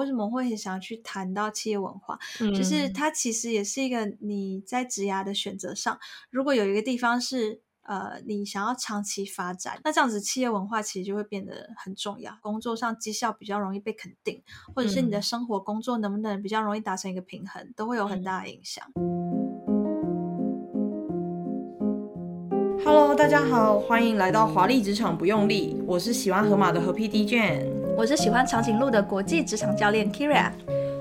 為什麼會很想要去談到企業文化？嗯、就是它其實也是一個你在職涯的選擇上，如果有一個地方是呃，你想要長期發展，那這樣子企業文化其實就會變得很重要，工作上績效比較容易被肯定，或者是你的生活工作能不能比較容易達成一個平衡，嗯、都會有很大的影響。嗯、Hello，大家好，歡迎來到華麗職場不用力，我是喜歡河馬的河 PD Jane。我是喜歡長頸鹿的國際職場教練 Kyria。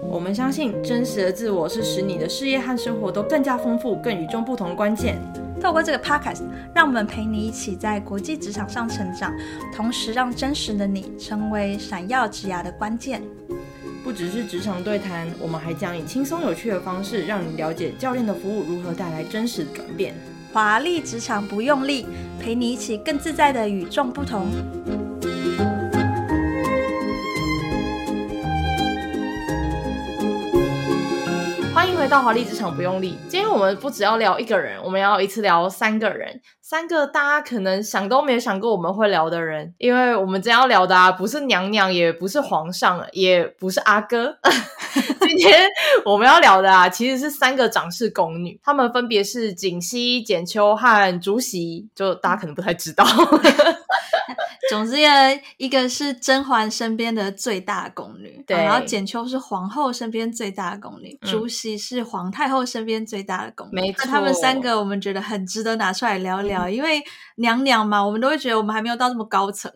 我們相信真實的自我是使你的事業和生活都更加豐富、更與眾不同的關鍵。透過這個 Podcast，讓我們陪你一起在國際職場上成長，同時讓真實的你成為閃耀職涯的關鍵。不只是職場對談，我們還將以輕鬆有趣的方式，讓你了解教練的服務如何帶來真實的轉變。華麗職場不用力，陪你一起更自在地與眾不同。到華麗職場不用力。今天我們不只要聊一個人，我們要一次聊三個人，三個大家可能想都沒有想過我們會聊的人。因為我們今天要聊的啊，不是娘娘，也不是皇上，也不是阿哥。 今天我們要聊的啊，其實是三個掌事宮女，她們分別是槿汐、剪秋和竹息。就大家可能不太知道。 總之，一個是甄嬛身邊的最大的宮女，對，然後剪秋是皇后身邊最大的宮女，竹息、嗯、是皇太后身邊最大的宮女。沒錯，他們三個我們覺得很值得拿出來聊聊，嗯、因為娘娘嘛，我們都會覺得我們還沒有到這麼高層，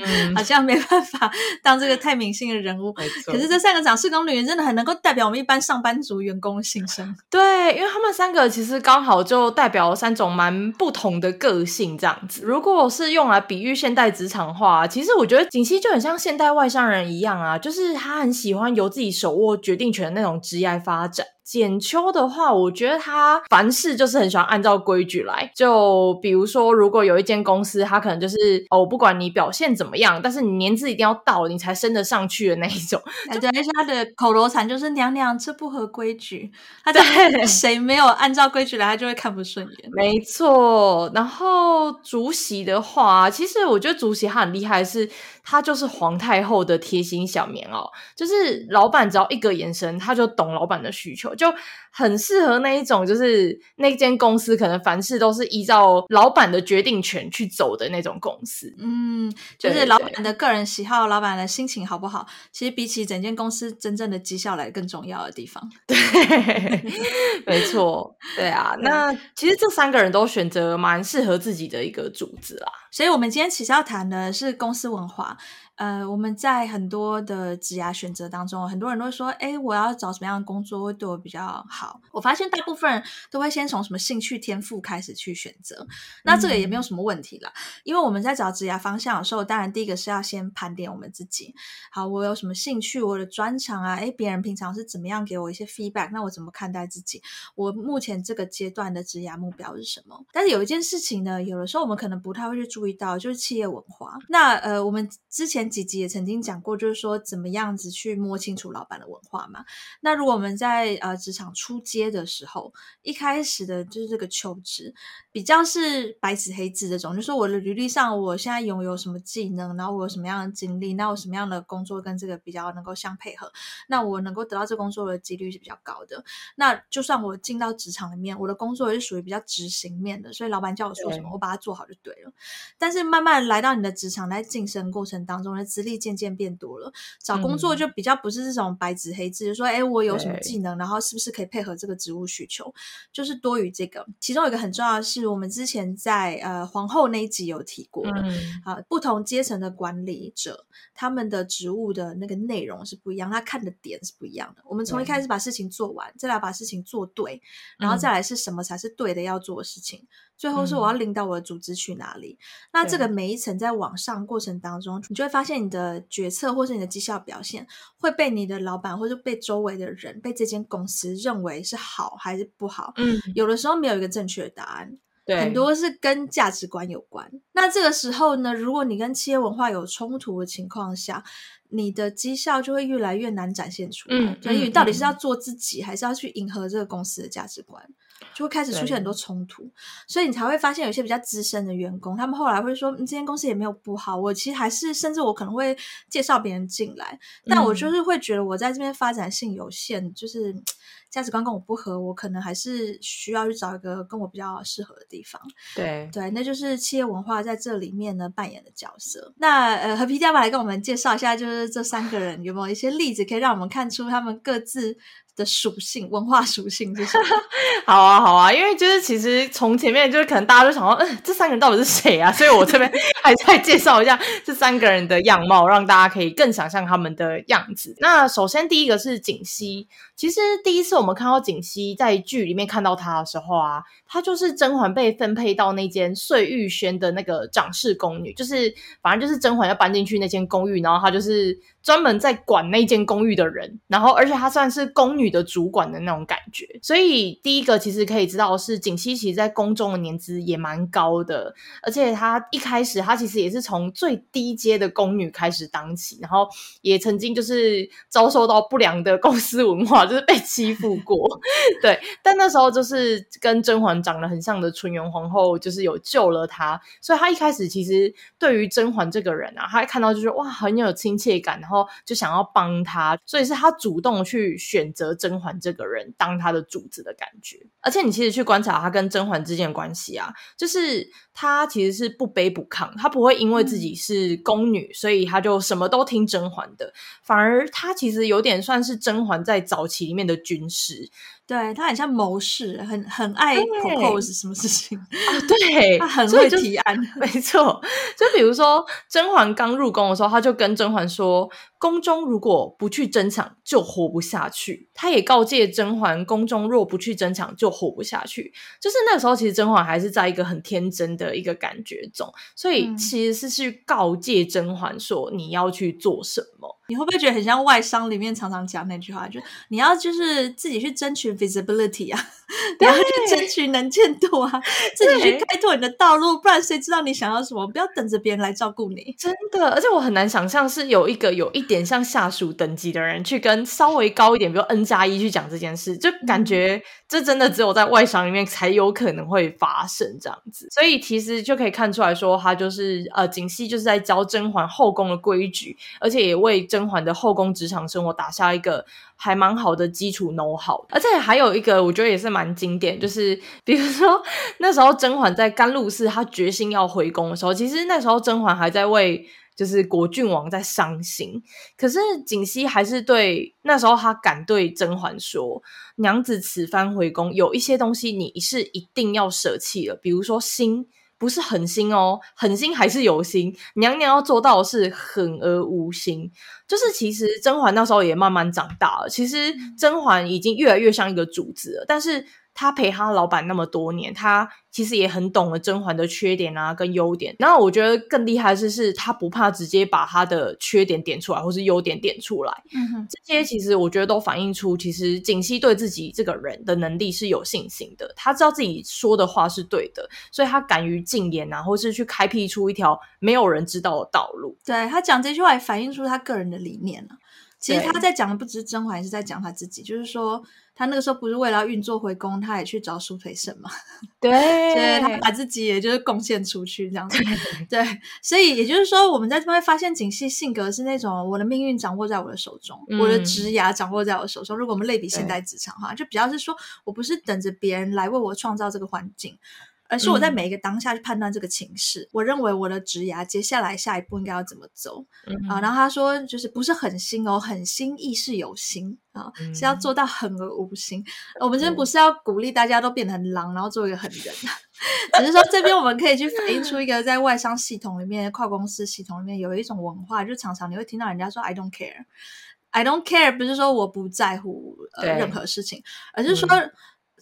嗯、 好像沒辦法當這個太明星的人物。沒錯，可是這三個掌事宮女真的很能夠代表我們一般上班族員工的心聲。對，因為他們三個其實剛好就代表三種蠻不同的個性，這樣子。如果是用來比喻現代職場，長話，其實我覺得槿汐就很像現代外商人一樣啊，就是他很喜歡由自己手握決定權的那種職業發展。剪秋的話，我覺得他凡事就是很喜歡按照規矩來。就比如說，如果有一間公司，他可能就是哦，不管你表現怎麼樣，但是你年資一定要到，你才升得上去的那一種。哎、對，而且他的口頭禪就是“娘娘，這不合規矩。”他對誰沒有按照規矩來，對他就會看不順眼。沒錯。然後竹息的話，其實我覺得竹息他很厲害的是，是他就是皇太後的貼心小棉襖，就是老闆只要一個眼神，他就懂老闆的需求。就很適合那一種，就是那間公司可能凡事都是依照老板的決定權去走的那種公司，嗯，就是老板的個人喜好、對對對，老板的心情好不好，其實比起整間公司真正的績效來更重要的地方，對， 沒錯，對啊，對，那其實這三個人都選擇蠻適合自己的一個組織啦，所以我們今天其實要談的是公司文化。呃，我們在很多的職涯選擇當中，很多人都會說：“誒，我要找什麼樣的工作會對我比較好？”我發現大部分人都會先從什麼興趣、天賦開始去選擇。嗯、那這個也沒有什麼問題啦，因為我們在找職業方向的時候，當然第一個是要先盤點我們自己。好，我有什麼興趣？我的專長啊？誒，別人平常是怎麼樣給我一些 feedback？那我怎麼看待自己？我目前這個階段的職業目標是什麼？但是有一件事情呢，有的時候我們可能不太會去注意到，就是企業文化。那呃，我們之前，幾集也曾經講過，就是說怎麼樣子去摸清楚老闆的文化嘛。那如果我們在呃職場初階的時候，一開始的就是這個求職，比較是白紙黑字這種，就是說我的履歷上我現在擁有什麼技能，然後我有什麼樣的經歷，那我什麼樣的工作跟這個比較能夠相配合，那我能夠得到這工作的幾率是比較高的。那就算我進到職場裡面，我的工作也是屬於比較執行面的，所以老闆叫我說什麼，我把它做好就對了。但是慢慢來到你的職場，在晉升過程當中，我的資歷漸漸變多了，找工作就比較不是這種白紙黑字，嗯、就說哎、欸，我有什麼技能，對然後是不是可以配合這個職務需求，就是多於這個。其中有一個很重要的是，我們之前在呃皇後那一集有提過了，啊、嗯嗯呃，不同階層的管理者，他們的職務的那個內容是不一樣，他看的點是不一樣的。我們從一開始把事情做完，對再來把事情做對，然後再來是什麼才是對的要做的事情，嗯、最後是我要領導我的組織去哪裡。嗯、那這個每一層在往上過程當中，對你就會發現。現你的決策，或是你的績效表現，會被你的老闆，或者被周圍的人，被這間公司認為是好還是不好？嗯，有的時候沒有一個正確的答案，對，很多是跟價值觀有關。那這個時候呢，如果你跟企業文化有衝突的情況下，你的績效就會越來越難展現出來。嗯，嗯，所以，到底是要做自己，還是要去迎合這個公司的價值觀？就會開始出現很多衝突，對所以你才會發現有一些比較資深的員工，他們後來會說，嗯、這間公司也沒有不好，我其實還是，甚至我可能會介紹別人進來，嗯、但我就是會覺得我在這邊發展性有限，就是。價值觀跟我不合，我可能還是需要去找一個跟我比較適合的地方。對對，那就是企業文化在這裡面呢扮演的角色。那呃，河 PD Jane 來跟我們介紹一下，就是這三個人有沒有一些例子，可以讓我們看出他們各自的屬性、文化屬性就是什麼 好啊，好啊，因為就是其實從前面就是可能大家都想說，嗯、呃，這三個人到底是誰啊？所以我這邊還再介紹一下這三個人的樣貌，讓大家可以更想象他們的樣子。那首先第一個是槿汐。其實第一次我們看到槿汐在劇裡面看到她的時候啊，她就是甄嬛被分配到那間碎玉軒的那個掌事宮女，就是反正就是甄嬛要搬進去那間公寓，然後她就是。專門在管那間公寓的人，然後而且她算是宮女的主管的那種感覺，所以第一個其實可以知道是槿汐其實在宮中的年資也蠻高的，而且她一開始她其實也是從最低階的宮女開始當起，然後也曾經就是遭受到不良的公司文化，就是被欺負過， 對。但那時候就是跟甄嬛長得很像的純元皇後就是有救了她，所以她一開始其實對於甄嬛這個人啊，她一看到就是哇很有親切感，然後。就想要幫他，所以是他主動去選擇甄嬛這個人當他的主子的感覺。而且你其實去觀察他跟甄嬛之間的關係啊，就是他其實是不卑不亢，他不會因為自己是宮女，所以他就什麼都聽甄嬛的，反而他其實有點算是甄嬛在早期裡面的軍師。對，他很像謀士，很很愛 propose 對什麼事情，啊、對， 他很會提案。 沒錯。就比如說，甄嬛剛入宮的時候，他就跟甄嬛說，宮中如果不去爭搶。就活不下去。他也告誡甄嬛，宮中若不去爭搶，就活不下去。就是那時候，其實甄嬛還是在一個很天真的一個感覺中，所以其實是去告誡甄嬛說，你要去做什麼？嗯、你會不會覺得很像外商裡面常常講那句話，就是你要就是自己去爭取 visibility 啊，對你要去爭取能見度啊，自己去開拓你的道路，對不然誰知道你想要什麼？不要等着別人來照顧你。真的，而且我很難想象是有一個有一點像下屬等級的人去跟。稍微高一點，比如 N 加一去講這件事，就感覺這真的只有在外商裡面才有可能會發生這樣子。所以其實就可以看出來說，他就是呃，槿汐就是在教甄嬛後宮的規矩，而且也為甄嬛的後宮職場生活打下一個還蠻好的基礎 know-how，好。而且還有一個，我覺得也是蠻經典，就是比如說那時候甄嬛在甘露寺，她決心要回宮的時候，其實那時候甄嬛還在為。就是果郡王在傷心，可是槿汐還是對那時候他敢對甄嬛說：“娘子此番回宮，有一些東西你是一定要捨棄了，比如說心，不是狠心哦，狠心還是有心，娘娘要做到的是狠而無心。”就是其實甄嬛那時候也慢慢長大了，其實甄嬛已經越來越像一個主子了，但是。他陪他老闆那麼多年，他其實也很懂了甄嬛的缺點啊跟優點。然後我覺得更厲害的是，他不怕直接把他的缺點點出來，或是優點點出來。嗯哼，這些其實我覺得都反映出，其實槿汐對自己這個人的能力是有信心的。他知道自己說的話是對的，所以他敢於進言啊，或是去開闢出一條沒有人知道的道路。對，他講這句話也反映出他個人的理念啊。其實他在講的不只是甄嬛，也是在講他自己。就是說，他那個時候不是為了要運作回宮，他也去找蘇培盛嘛。對，所以他把自己也就是貢獻出去這樣子。 對，所以也就是說，我們在這邊發現，槿汐性格是那種我的命運掌握在我的手中，嗯、我的職涯掌握在我手中。如果我們類比現代職場哈，對就比較是說我不是等着別人來為我創造這個環境。而是我在每一個當下去判斷這個情勢，嗯、我認為我的職涯，接下來下一步應該要怎麼走，嗯、啊？然後他說，就是不是狠心哦，狠心亦是有心啊，嗯、是要做到狠而無心。我們今天不是要鼓勵大家都變成狼，然後做一個狠人，對只是說這邊我們可以去反映出一個在外商系統裡面， 跨公司系統裡面有一種文化，就常常你會聽到人家說 “I don't care”，“I don't care” 不是說我不在乎，呃、對任何事情，而是說，嗯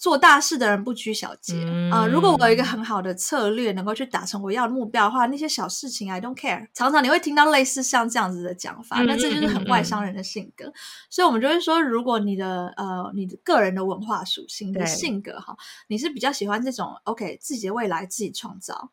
做大事的人不拘小節啊、嗯呃！如果我有一個很好的策略，能夠去達成我要的目標的話，那些小事情 I don't care。常常你會聽到類似像這樣子的講法，那、嗯、這就是很外商人的性格。嗯嗯嗯、所以，我們就會說，如果你的呃，你的個人的文化屬性、你的性格哈對、哦，你是比較喜歡這種 OK，自己的未來自己創造。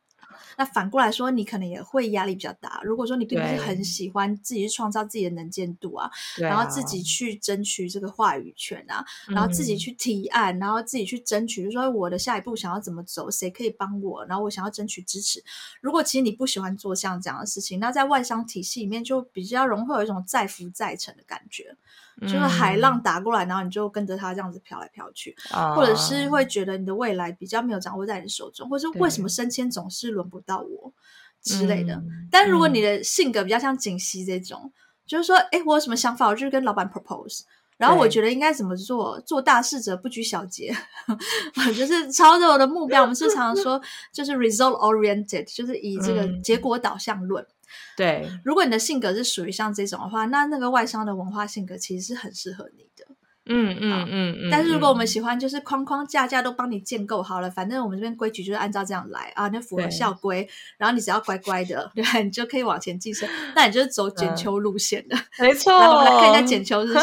那反過來說，你可能也會壓力比較大。如果說你並不是很喜歡自己去創造自己的能見度啊，對然後自己去爭取這個話語權啊，啊然後自己去提案，嗯、然後自己去爭取，就是、說我的下一步想要怎麼走，誰可以幫我，然後我想要爭取支持。如果其實你不喜歡做像這樣的事情，那在外商體系裡面就比較容易有一種載浮載沉的感覺。就是海浪打過來，嗯、然後你就跟着它這樣子飄來飄去，啊、或者是會覺得你的未來比較沒有掌握在你手中，對或者為什麼升遷總是輪不到我之類的。嗯、但如果你的性格比較像槿汐這種，嗯、就是說，哎，我有什麼想法，我就是跟老闆 propose，然後我覺得應該怎麼做？對做大事者不拘小節，我 就是朝着我的目標。 我們是常常說，就是 result oriented，就是以這個結果導向論。嗯對，如果你的性格是屬於像這種的話，那那個外商的文化性格其實是很適合你的。嗯嗯嗯嗯，但是如果我們喜歡，就是框框架架都幫你建構好了，嗯、反正我們這邊規矩就是按照這樣來啊，那符合校規，對然後你只要乖乖的，對，你就可以往前晉升。 那你就是走剪秋路線的，嗯，沒錯。來，我們來看一下剪秋是誰？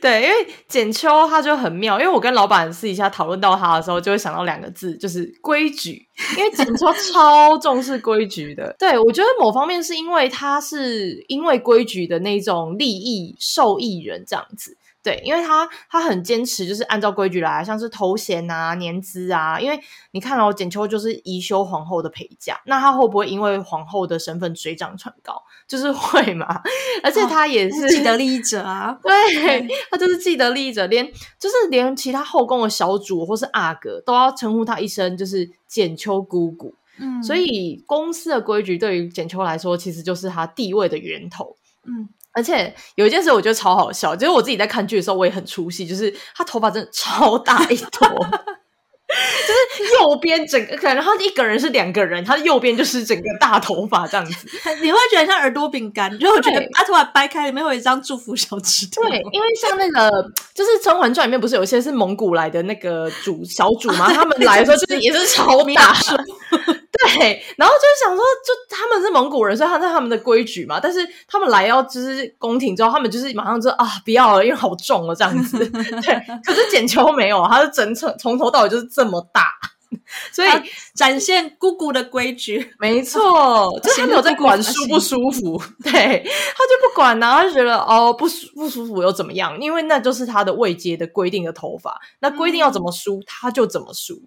對，因為剪秋他就很妙，因為我跟老闆私底下討論到他的時候，就會想到兩個字，就是規矩。因為剪秋超重視規矩的， 對，我覺得某方面是因為他是因為規矩的那種利益受益人這樣子。對，因為他他很堅持，就是按照規矩來，像是頭銜啊、年資啊。因為你看哦，剪秋就是宜修皇後的陪嫁，那她會不會因為皇後的身份水漲船高？就是會嘛。而且她也是既、哦、得利益者啊， 對，她就是既得利益者，嗯、連就是連其他後宮的小主或是阿哥都要稱呼她一聲就是剪秋姑姑。嗯，所以公司的規矩對於剪秋來說，其實就是她地位的源頭。嗯。而且有一件事我覺得超好笑，就是我自己在看劇的時候，我也很出戲，就是他頭髮真的超大一坨， 就是右邊整個，可能他一個人是兩個人，他的右邊就是整個大頭髮這樣子，你會覺得像耳朵餅乾，因為我對覺得把頭髮掰開，裡面會有一張祝福小紙條。對，因為像那個就是《甄嬛傳》裡面，不是有些是蒙古來的那個主小主嗎？他們來的時候是也是超大。 對，然後就是想說，就他們是蒙古人，所以他是他們的規矩嘛。但是他們來到就是宮廷之後，他們就是馬上就啊，不要了，因為好重了這樣子。對， 可是剪秋沒有，他是整整從頭到尾就是這麼大。所以展現姑姑的規矩，沒錯，就是他沒有在管舒不舒服，對，他就不管，啊，然後覺得哦不舒不舒服，又怎麼樣？因為那就是他的位階的規定的頭髮，那規定要怎麼梳，嗯、他就怎麼梳，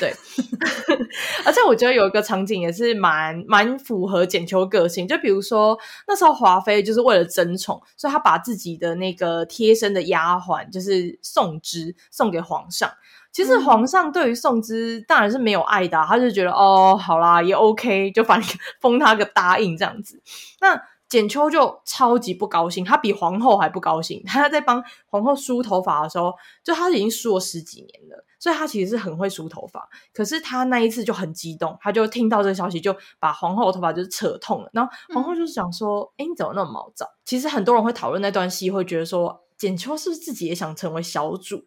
對。 而且我覺得有一個場景也是蠻蠻，蠻符合剪秋個性，就比如說那時候華妃就是為了爭寵，所以他把自己的那個貼身的丫鬟就是頌芝送給皇上。其實皇上對於頌芝當然是沒有愛的、啊，他就覺得哦好啦也 OK，就反正封他個答應這樣子。那剪秋就超級不高興，她比皇後還不高興。她在幫皇后梳頭髮的時候，就她已經梳了十幾年了，所以她其實是很會梳頭髮。可是她那一次就很激動，她就聽到這個消息，就把皇後的頭髮就是扯痛了。然後皇後就是想說：“哎、嗯，你怎麼那麼毛躁？”其實很多人會討論那段戲，會覺得說剪秋是不是自己也想成為小主？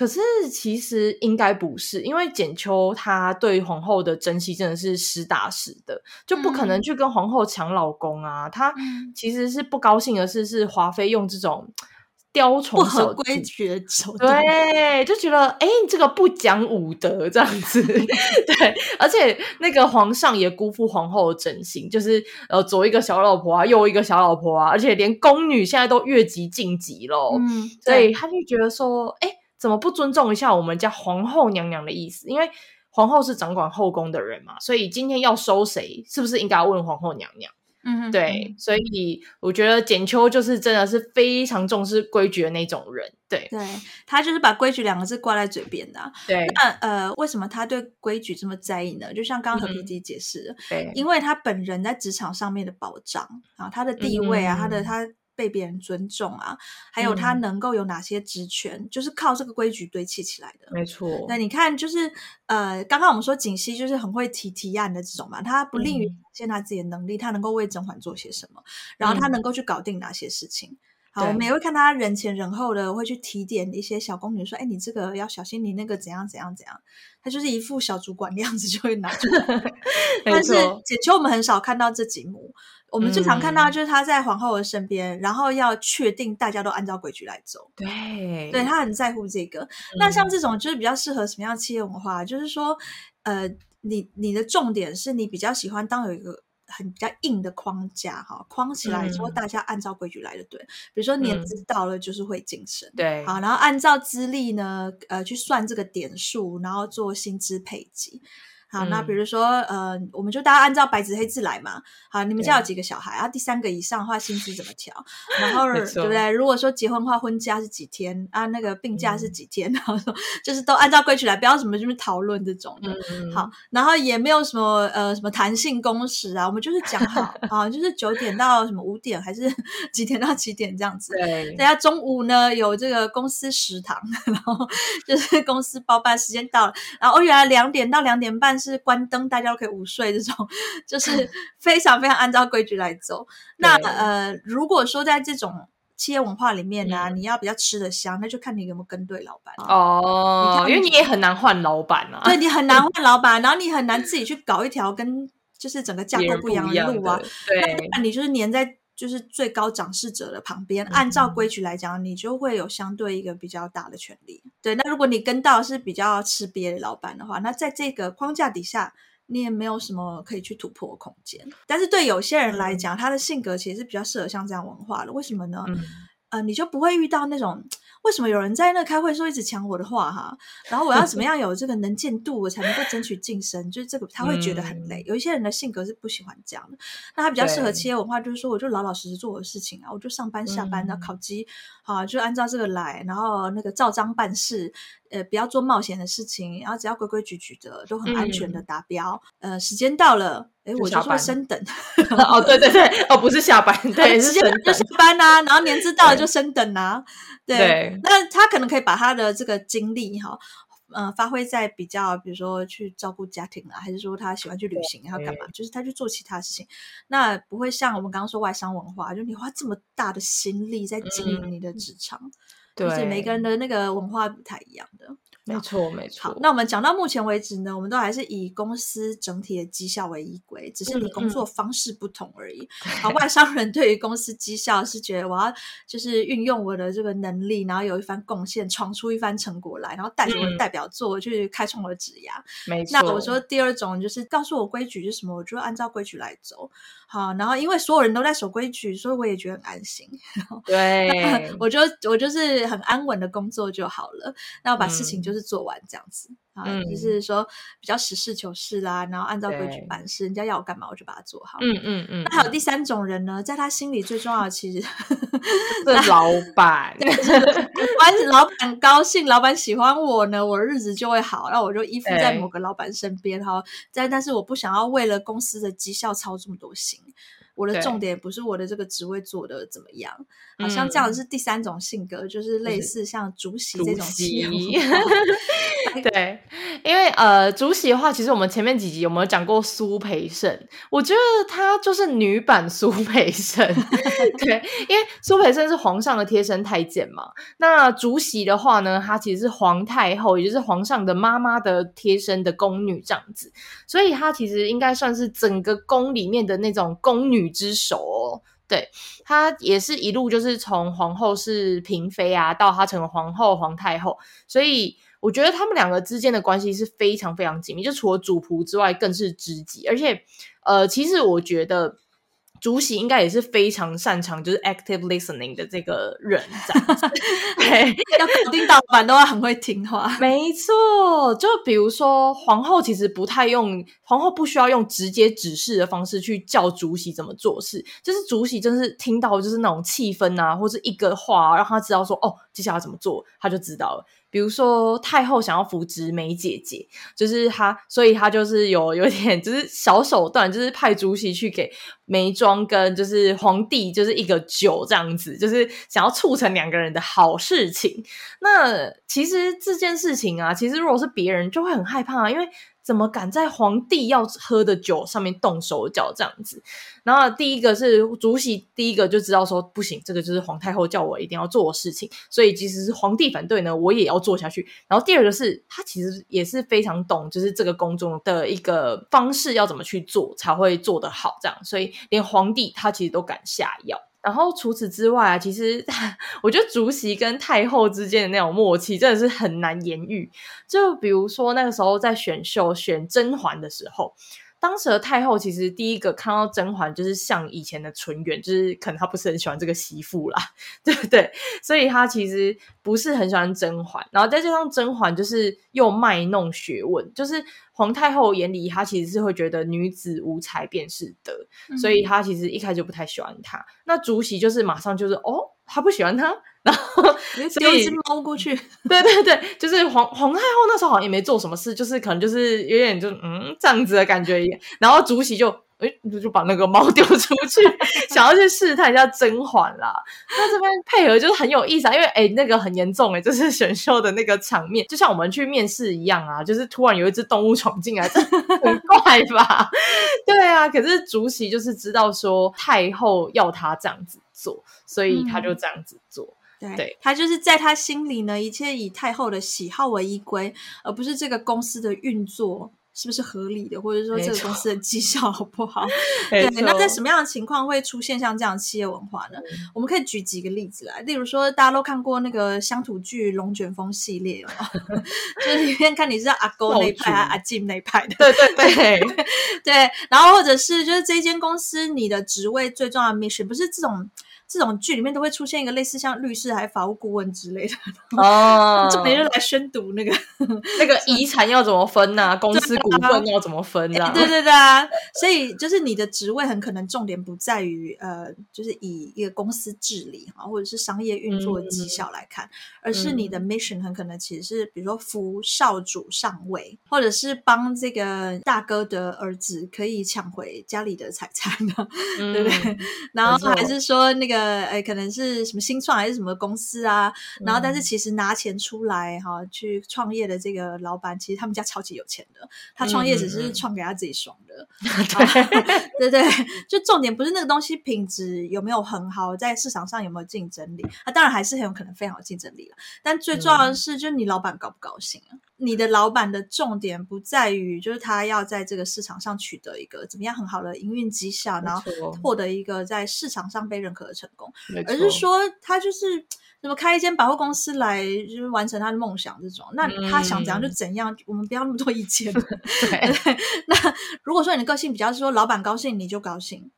可是其實應該不是，因為剪秋她對皇後的珍惜真的是實打實的，就不可能去跟皇后搶老公啊。嗯、她其實是不高興的是，是華妃用這種雕蟲不合規矩的手段，對，對就覺得哎，這個不講武德這樣子。 對，而且那個皇上也辜負皇後的真心，就是呃，左一個小老婆啊，右一個小老婆啊，而且連宮女現在都越級晉級咯。嗯，對所以她就覺得說，哎。怎麼不尊重一下我們家皇後娘娘的意思？因為皇後是掌管後宮的人嘛，所以今天要收誰，是不是應該要問皇後娘娘？嗯哼，對，所以我覺得剪秋就是真的是非常重視規矩的那種人，對，對，他就是把規矩兩個字掛在嘴邊的、啊。對，那呃，為什麼他對規矩這麼在意呢？就像剛剛河 PD 解釋的、嗯，對，因為他本人在職場上面的保障啊，他的地位啊，嗯、他的他。被別人尊重啊，還有他能夠有哪些職權，嗯、就是靠這個規矩堆砌起來的。沒錯，那你看，就是呃，剛剛我們說槿汐就是很會提提案的這種嘛，他不利於展現他自己的能力，他能夠為甄嬛做些什麼，然後他能夠去搞定哪些事情。嗯好，對我們也會看到他人前人後的，會去提點一些小宮女說：“哎，你這個要小心，你那個怎樣怎樣怎樣。怎樣”他就是一副小主管的樣子，就會拿出來。 錯但是剪秋，我們很少看到這幾幕，我們最常看到就是他在皇後的身邊，嗯、然後要確定大家都按照規矩來走。對，對他很在乎這個。嗯、那像這種就是比較適合什麼樣企業文化？就是說，呃，你你的重點是你比較喜歡當有一個。很比較硬的框架哈，框起來說大家按照規矩來的，對。嗯、比如說年資到了就是會晉升、嗯，對。好，然後按照資歷呢，呃，去算這個點數，然後做薪資配給。好，那比如說，嗯、呃，我們就大家按照白紙黑字來嘛。好，你們家有幾個小孩對啊？第三個以上的話，薪資怎麼調？然後錯對不對？如果說結婚的話，婚假是幾天啊？那個病假是幾天？嗯、然後說就是都按照規矩來，不要什麼就是討論這種。的，就是嗯嗯、好，然後也沒有什麼呃什麼彈性工時啊，我們就是講好 啊，就是九點到什麼五點還是幾點到幾點這樣子。對。大家中午呢有這個公司食堂，然後就是公司包辦時間到了，然後、哦、原來兩點到兩點半。但是關燈，大家都可以午睡，這種就是非常非常按照規矩來走。那對呃，如果說在這種企業文化裡面呢、啊、嗯、你要比較吃得香，那就看你有沒有跟對老闆哦，看因為你也很難換老闆啊。對，你很難換老闆，對然後你很難自己去搞一條跟就是整個架構不一樣的路啊。不對，那你就是粘在就是最高掌事者的旁邊，按照規矩來講，你就會有相對一個比較大的權利。對，那如果你跟到是比較吃癟的老板的話，那在這個框架底下，你也沒有什麼可以去突破空間。但是對有些人來講，他的性格其實是比較適合像這樣文化的，為什麼呢？嗯，呃，你就不會遇到那種。為什麼有人在那開會說一直搶我的話哈、啊？然後我要怎麼樣有這個能見度，我才能夠爭取晉升？ 就是這個他會覺得很累。嗯、有一些人的性格是不喜歡這樣的，那他比較適合企業文化，就是說我就老老實實做我的事情啊，我就上班下班，嗯、然後考級啊，就按照這個來，然後那個照章辦事，呃，不要做冒險的事情，然後只要規規矩矩的，都很安全的達標。嗯、呃，時間到了。哎，我就說升等是。哦，對對對， 哦，不是下班，對，直接、啊、就上班啊，然後年資到了就升等啊，對。對對，那他可能可以把他的這個精力哈，嗯、呃，發揮在比較，比如說去照顧家庭啊，還是說他喜歡去旅行，對然後幹嘛？就是他去做其他事情，對那不會像我們剛剛說外商文化，就你花這麼大的心力在經營你的職場，嗯、對，就是每個人的那個文化不太一樣的。沒錯，沒錯。那我們講到目前為止呢，我們都還是以公司整體的績效為依歸，只是你工作方式不同而已。好、嗯，嗯、外商人對於公司績效是覺得我要就是運用我的這個能力，然後有一番貢獻，闖出一番成果來，然後帶着我的代表作去、嗯、開創我的職涯。沒錯。那我說第二種就是告訴我規矩是什麼，我就按照規矩來走。好，然後因為所有人都在守規矩，所以我也覺得很安心。呵呵對那，我就我就是很安穩的工作就好了。那我把事情就是、嗯。做完這樣子啊，就、嗯、是說比較實事求是啦，然後按照規矩辦事。對人家要我幹嘛，我就把它做好，嗯。嗯嗯嗯。那還有第三種人呢，在他心裡最重要的其實， 是老闆。老闆高興，老闆喜歡我呢，我日子就會好。那我就依附在某個老闆身邊哈。但對但是我不想要為了公司的績效操這麼多心。我的重點不是我的這個職位做得怎麼樣，對好像這樣是第三種性格。嗯、就是類似像竹息這種。對，因為呃，竹息的話，其實我們前面幾集有沒有講過蘇培盛？我覺得他就是女版蘇培盛。 對，因為蘇培盛是皇上的貼身太監嘛。 那竹息的話呢，她其實是皇太後，也就是皇上的媽媽的貼身的宮女這樣子，所以她其實應該算是整個宮裡面的那種宮女之首哦，對，她也是一路就是從皇後是嬪妃啊，到她成為皇後、皇太後，所以我覺得他們兩個之間的關係是非常非常緊密，就除了主僕之外，更是知己。而且，呃，其實我覺得。竹息應該也是非常擅長就是 active listening 的這個人，在 對， 要搞定大老闆都要很會聽話。沒錯，就比如說皇後其實不太用，皇後不需要用直接指示的方式去教竹息怎麼做事，就是竹息就是聽到就是那種氣氛啊，或是一個話啊，讓他知道說哦，接下來要怎麼做，他就知道了。比如說太后想要扶植眉姐姐，就是她，所以她就是有有點，就是小手段，就是派竹息去給眉莊跟就是皇帝就是一個酒，這樣子，就是想要促成兩個人的好事情。那其實這件事情啊，其實如果是別人就會很害怕啊，因為。怎麼敢在皇帝要喝的酒上面動手腳這樣子？然後第一個是主席，第一個就知道說不行，這個就是皇太后叫我一定要做的事情，所以即使是皇帝反對呢，我也要做下去。然後第二個是他其實也是非常懂，就是這個宮中的一個方式要怎麼去做才會做得好這樣，所以連皇帝他其實都敢下藥。然後除此之外啊，其實我覺得竹息跟太后之間的那種默契，真的是很難言喻。就比如說那個時候在選秀選甄嬛的時候。當時的太后其實第一個看到甄嬛，就是像以前的純元，就是可能她不是很喜歡這個媳婦啦，對不對？所以她其實不是很喜歡甄嬛，然後再加上甄嬛就是又賣弄學問，就是皇太后眼裡她其實是會覺得女子無才便是德，嗯、所以她其實一開始就不太喜歡她。那竹息就是馬上就是哦，她不喜歡她。然後丟一隻貓過去，對對對，就是皇皇太后那時候好像也沒做什麼事，就是可能就是有點就嗯，這樣子的感覺。然後竹息就哎、欸、就把那個貓丟出去， 想要去試探一下甄嬛啦。那這邊配合就是很有意思，啊，因為哎、欸、那個很嚴重哎、欸，就是選秀的那個場面，就像我們去面試一樣啊，就是突然有一隻動物闖進來，很 怪吧？對啊，可是竹息就是知道說太后要他這樣子做，所以他就這樣子做。嗯對，對他就是在他心裡呢，一切以太後的喜好為依歸，而不是這個公司的運作是不是合理的，或者說這個公司的績效好不好？沒錯。對。沒錯。那在什麼樣的情況會出現像這樣的企業文化呢？嗯、我們可以舉幾個例子來，例如說大家都看過那個鄉土劇《龍捲風》系列有沒有， 就是裡面看你是阿勾那一派還、啊、是主、啊、阿靜那一派的？對對對對， 對。然後或者是就是這間公司，你的職位最重要的 mission 不是這種。這種劇裡面都會出現一個類似像律師、還有法務顧問之類的，哦，就沒人來宣讀那個 那個遺產要怎麼分吶、啊？公司股份要怎麼分吶、啊啊欸？對對對啊！ 所以就是你的職位很可能重點不在於呃，就是以一個公司治理啊，或者是商業運作的績效來看，嗯、而是你的 mission 很可能其實是，比如說，扶少主上位，或者是幫這個大哥的兒子可以搶回家裡的財產、嗯、 對不對？沒錯。然後還是說那個。呃，哎，可能是什麼新創還是什麼公司啊？嗯、然後，但是其實拿錢出來哈、啊，去創業的這個老闆，其實他們家超級有錢的。他創業只是創給他自己爽的，對對，就重點不是那個東西品質有沒有很好，在市場上有沒有競爭力。啊當然還是很有可能非常有競爭力了。但最重要的是，就你老闆高不高興啊？嗯你的老闆的重點不在於，就是他要在這個市場上取得一個怎麼樣很好的營運績效，錯然後獲得一個在市場上被認可的成功，錯而是說他就是怎麼開一間百貨公司來，就是完成他的夢想這種。那他想怎樣就怎樣，嗯、我們不要那麼多意見。 對。 那如果說你的個性比較是說老闆高興你就高興。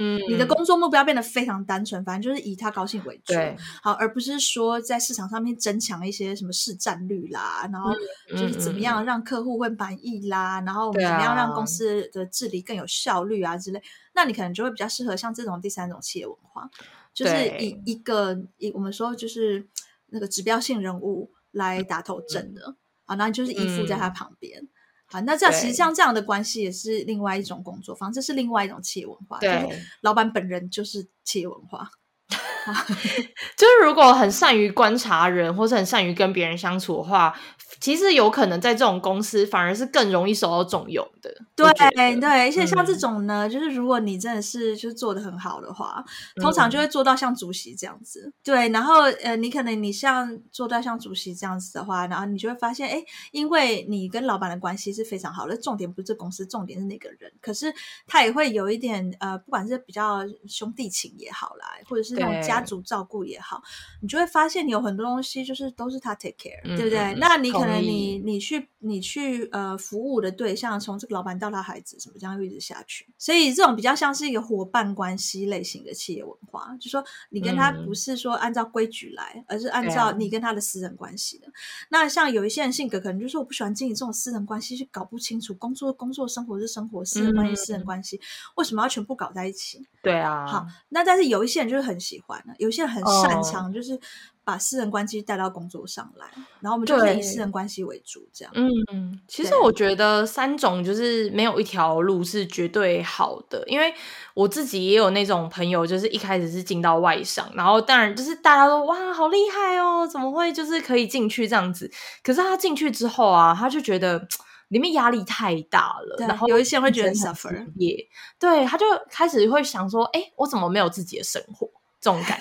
嗯，你的工作目標變得非常單純，嗯、反正就是以他高興為主，對好，而不是說在市場上面增強一些什麼市占率啦，嗯、然後就是怎麼樣讓客戶會滿意啦，嗯、然後怎麼樣讓公司的治理更有效率啊之類，啊、那你可能就會比較適合像這種第三種企業文化，就是以一個對以我們說就是那個指標性人物來打頭陣的，啊、嗯，那你就是依附在他旁邊。嗯好，那這樣對其實像這樣的關係也是另外一種工作方式，是另外一種企業文化。對，對，老闆本人就是企業文化，對 就是如果很善於觀察人，或是很善於跟別人相處的話。其實有可能在這種公司反而是更容易受到重用的，對對，而且像這種呢，嗯、就是如果你真的是就做得很好的話，通常就會做到像主席這樣子，嗯、對，然後呃，你可能你像做到像主席這樣子的話，然後你就會發現，哎，因為你跟老板的關係是非常好的，重點不是公司，重點是那個人，可是他也會有一點呃，不管是比較兄弟情也好啦，或者是那種家族照顧也好，對你就會發現你有很多東西就是都是他 take care，嗯嗯對不對？那你可對你你去你去呃服務的對象，從這個老闆到他孩子，什麼這樣一直下去，所以這種比較像是一個夥伴關係類型的企業文化，就說你跟他不是說按照規矩來，嗯、而是按照你跟他的私人關係的。哎、呀那像有一些人性格可能就是我不喜歡經營這種私人關係，是搞不清楚工作工作生活是生活、嗯、私人關係、私人關係為什麼要全部搞在一起？對啊，好，那但是有一些人就是很喜歡有一些人很擅長、哦、就是。把私人關係帶到工作上來，然後我們就可以以私人關係為主，這樣。對嗯，其實我覺得三種就是沒有一條路是絕對好的，對因為我自己也有那種朋友，就是一開始是進到外商，然後當然就是大家都哇好厲害哦，怎麼會就是可以進去這樣子？可是他進去之後啊，他就覺得裡面壓力太大了，對然後有一些人會覺得很 suffer 耶對，他就開始會想說，哎，我怎麼沒有自己的生活？ 重感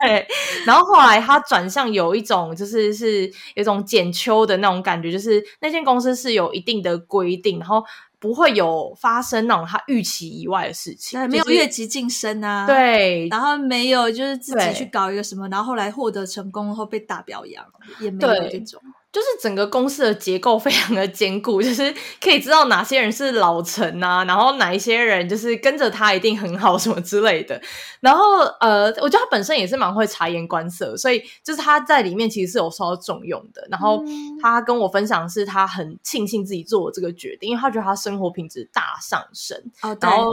對，然後後來他轉向有一種就是是有種剪秋的那種感覺，就是那間公司是有一定的規定，然後不會有發生那種他預期以外的事情，對就是，沒有越級晉升啊，對，然後沒有就是自己去搞一個什麼，對然後，後來獲得成功後被大表揚也沒有這種。就是整個公司的結構非常的堅固，就是可以知道哪些人是老臣啊，然後哪一些人就是跟着他一定很好什麼之類的。然後呃，我覺得他本身也是蠻會察言觀色，所以就是他在裡面其實是有受到重用的。然後他跟我分享，是他很慶幸自己做了這個決定，因為他覺得他生活品質大上升，Okay. 然後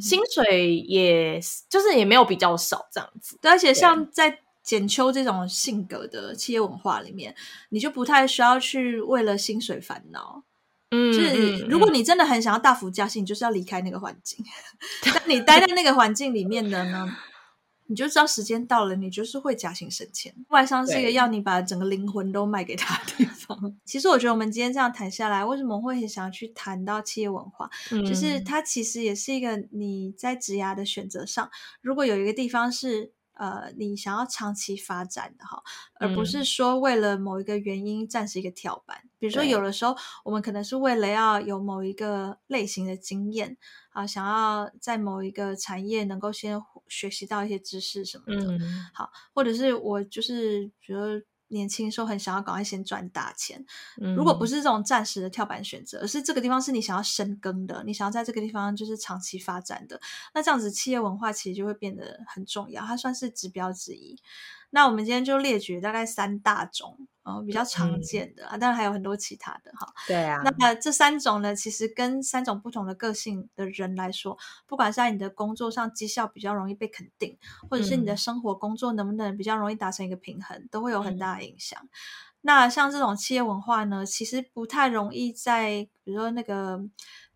薪水也、嗯、就是也沒有比較少這樣子。對，而且像在。剪秋這種性格的企業文化裡面，你就不太需要去為了薪水煩惱。嗯，就是如果你真的很想要大幅加薪，你就是要離開那個環境。 但你待在那個環境裡面的呢， 你就知道時間到了，你就是會加薪升遷。外商是一個要你把整個靈魂都賣給他的地方。對其實我覺得我們今天這樣談下來，為什麼會很想要去談到企業文化？嗯，就是它其實也是一個你在職涯的選擇上，如果有一個地方是。呃，你想要長期發展的哈，而不是說為了某一個原因暫時一個跳板。嗯、比如說，有的時候對我們可能是為了要有某一個類型的經驗啊，想要在某一個產業能夠先學習到一些知識什麼的。嗯、好，或者是我就是覺得。年輕時候很想要趕快先賺大錢，嗯，如果不是這種暫時的跳板選擇，而是這個地方是你想要深耕的，你想要在這個地方就是長期發展的，那這樣子企業文化，其實就會變得很重要，它算是指標之一。那我們今天就列舉大概三大種，哦、比較常見的，當然、嗯、還有很多其他的哈。對啊。那這三種呢，其實跟三種不同的個性的人來說，不管是在你的工作上績效比較容易被肯定，或者是你的生活工作能不能比較容易達成一個平衡，嗯、都會有很大的影響。嗯、那像這種企業文化呢，其實不太容易在，比如說那個。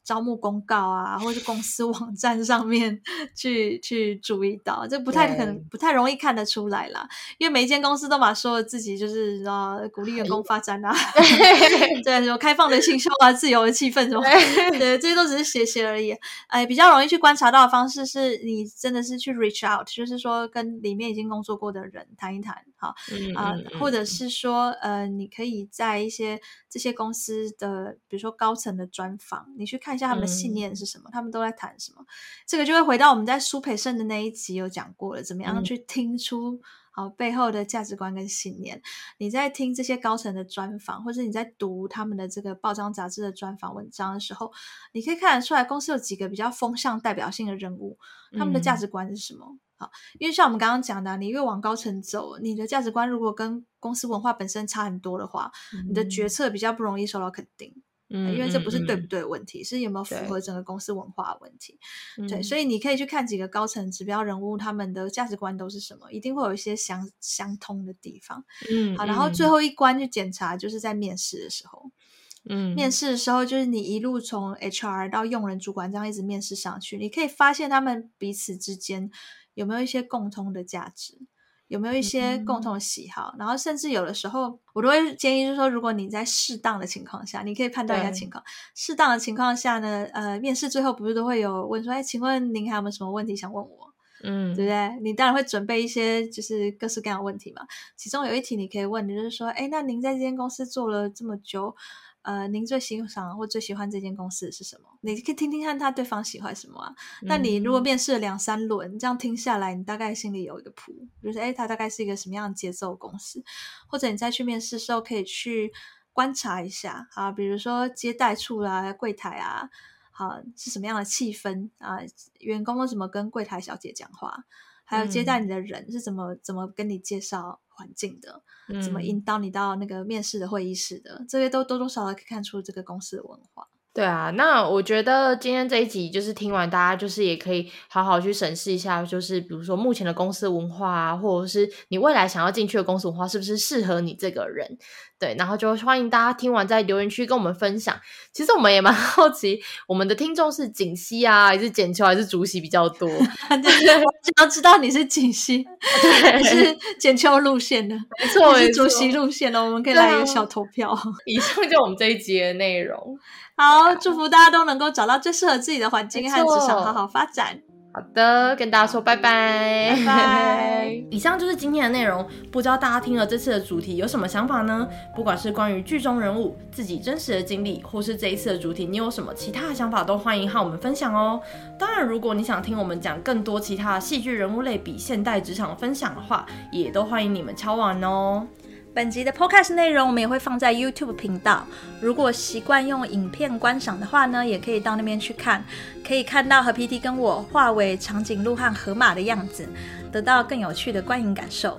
招募公告啊，或者是公司網站上面去去注意到，這不太可能，對不太容易看得出來啦，因為每一間公司都把說了自己就是啊鼓勵員工發展啊，哎、 對，有開放的心胸啊，自由的氣氛什麼，對， 對，這些都只是寫寫而已。哎，比較容易去觀察到的方式是你真的是去 reach out，就是說跟裡面已經工作過的人談一談，好，啊，或者是說呃，你可以在一些這些公司的比如說高層的專訪，你去看。看一下他們的信念是什麼，嗯、他們都在談什麼。這個就會回到我們在蘇培盛的那一集有講過了，怎麼樣、嗯、去聽出好背後的價值觀跟信念。你在聽這些高層的專訪，或者你在讀他們的這個報章雜誌的專訪文章的時候，你可以看得出來公司有幾個比較風向代表性的人物，他們的價值觀是什麼？嗯、好，因為像我們剛剛講的、啊，你越往高層走，你的價值觀如果跟公司文化本身差很多的話，嗯、你的決策比較不容易受到肯定。因為這不是對不對的問題，嗯嗯嗯、是有沒有符合整個公司文化的問題。對，對嗯、所以你可以去看幾個高層指標人物，他們的價值觀都是什麼，一定會有一些相相通的地方。嗯，好，然後最後一關去檢查，就是在面試的時候，嗯，面試的時候就是你一路從 HR 到用人主管這樣一直面試上去，你可以發現他們彼此之間有沒有一些共通的價值。有沒有一些共同喜好？嗯嗯然後甚至有的時候，我都會建議，就是說，如果你在適當的情況下，你可以判斷一下情況。對適當的情況下呢，呃，面試最後不是都會有問說，哎，請問您還有沒有什麼問題想問我？嗯，對不對？你當然會準備一些，就是各式各樣的問題嘛。其中有一題你可以問，就是說，哎，那您在這間公司做了這麼久？呃，您最欣賞或最喜歡這間公司是什麼？你可以聽聽看他對方喜歡什麼。啊，那，嗯、你如果面試了兩三輪，這樣聽下來，你大概心裡有一個譜，比如說哎，它大概是一個什麼樣的節奏公司？或者你再去面試的時候，可以去觀察一下啊，比如說接待處啊、櫃檯啊，好，啊、是什麼樣的氣氛啊？員工都怎麼跟櫃檯小姐講話？還有接待你的人是怎麼、嗯、怎麼跟你介紹？環境的，怎麼引導你到那個面試的會議室的，嗯、這些都多多少少可以看出這個公司的文化。對啊，那我覺得今天這一集就是聽完，大家就是也可以好好去審視一下，就是比如說目前的公司文化啊，或者是你未來想要進去的公司文化，是不是適合你這個人？對，然後就歡迎大家聽完在留言區跟我們分享。其實我們也蠻好奇，我們的聽眾是槿汐啊，還是剪秋，還是竹息比較多？只要、 就是、知道你是槿汐，對，還是剪秋路線呢？沒錯，是竹息路線的，我們可以來一個小投票。以上就我們這一集的內容。 好，祝福大家都能夠找到最適合自己的環境和職場好好發展。好的，跟大家說拜拜，拜拜 bye。以上就是今天的內容，不知道大家聽了這次的主題有什麼想法呢？不管是關於劇中人物、自己真實的經歷，或是這一次的主題，你有什麼其他的想法都歡迎和我們分享哦。當然，如果你想聽我們講更多其他的戲劇人物類比現代職場分享的話，也都歡迎你們敲碗哦。本集的 Podcast 內容我們也會放在 YouTube 頻道，如果習慣用影片觀賞的話呢，也可以到那邊去看，可以看到河 PD 跟我化為長頸鹿和河馬的樣子，得到更有趣的觀影感受。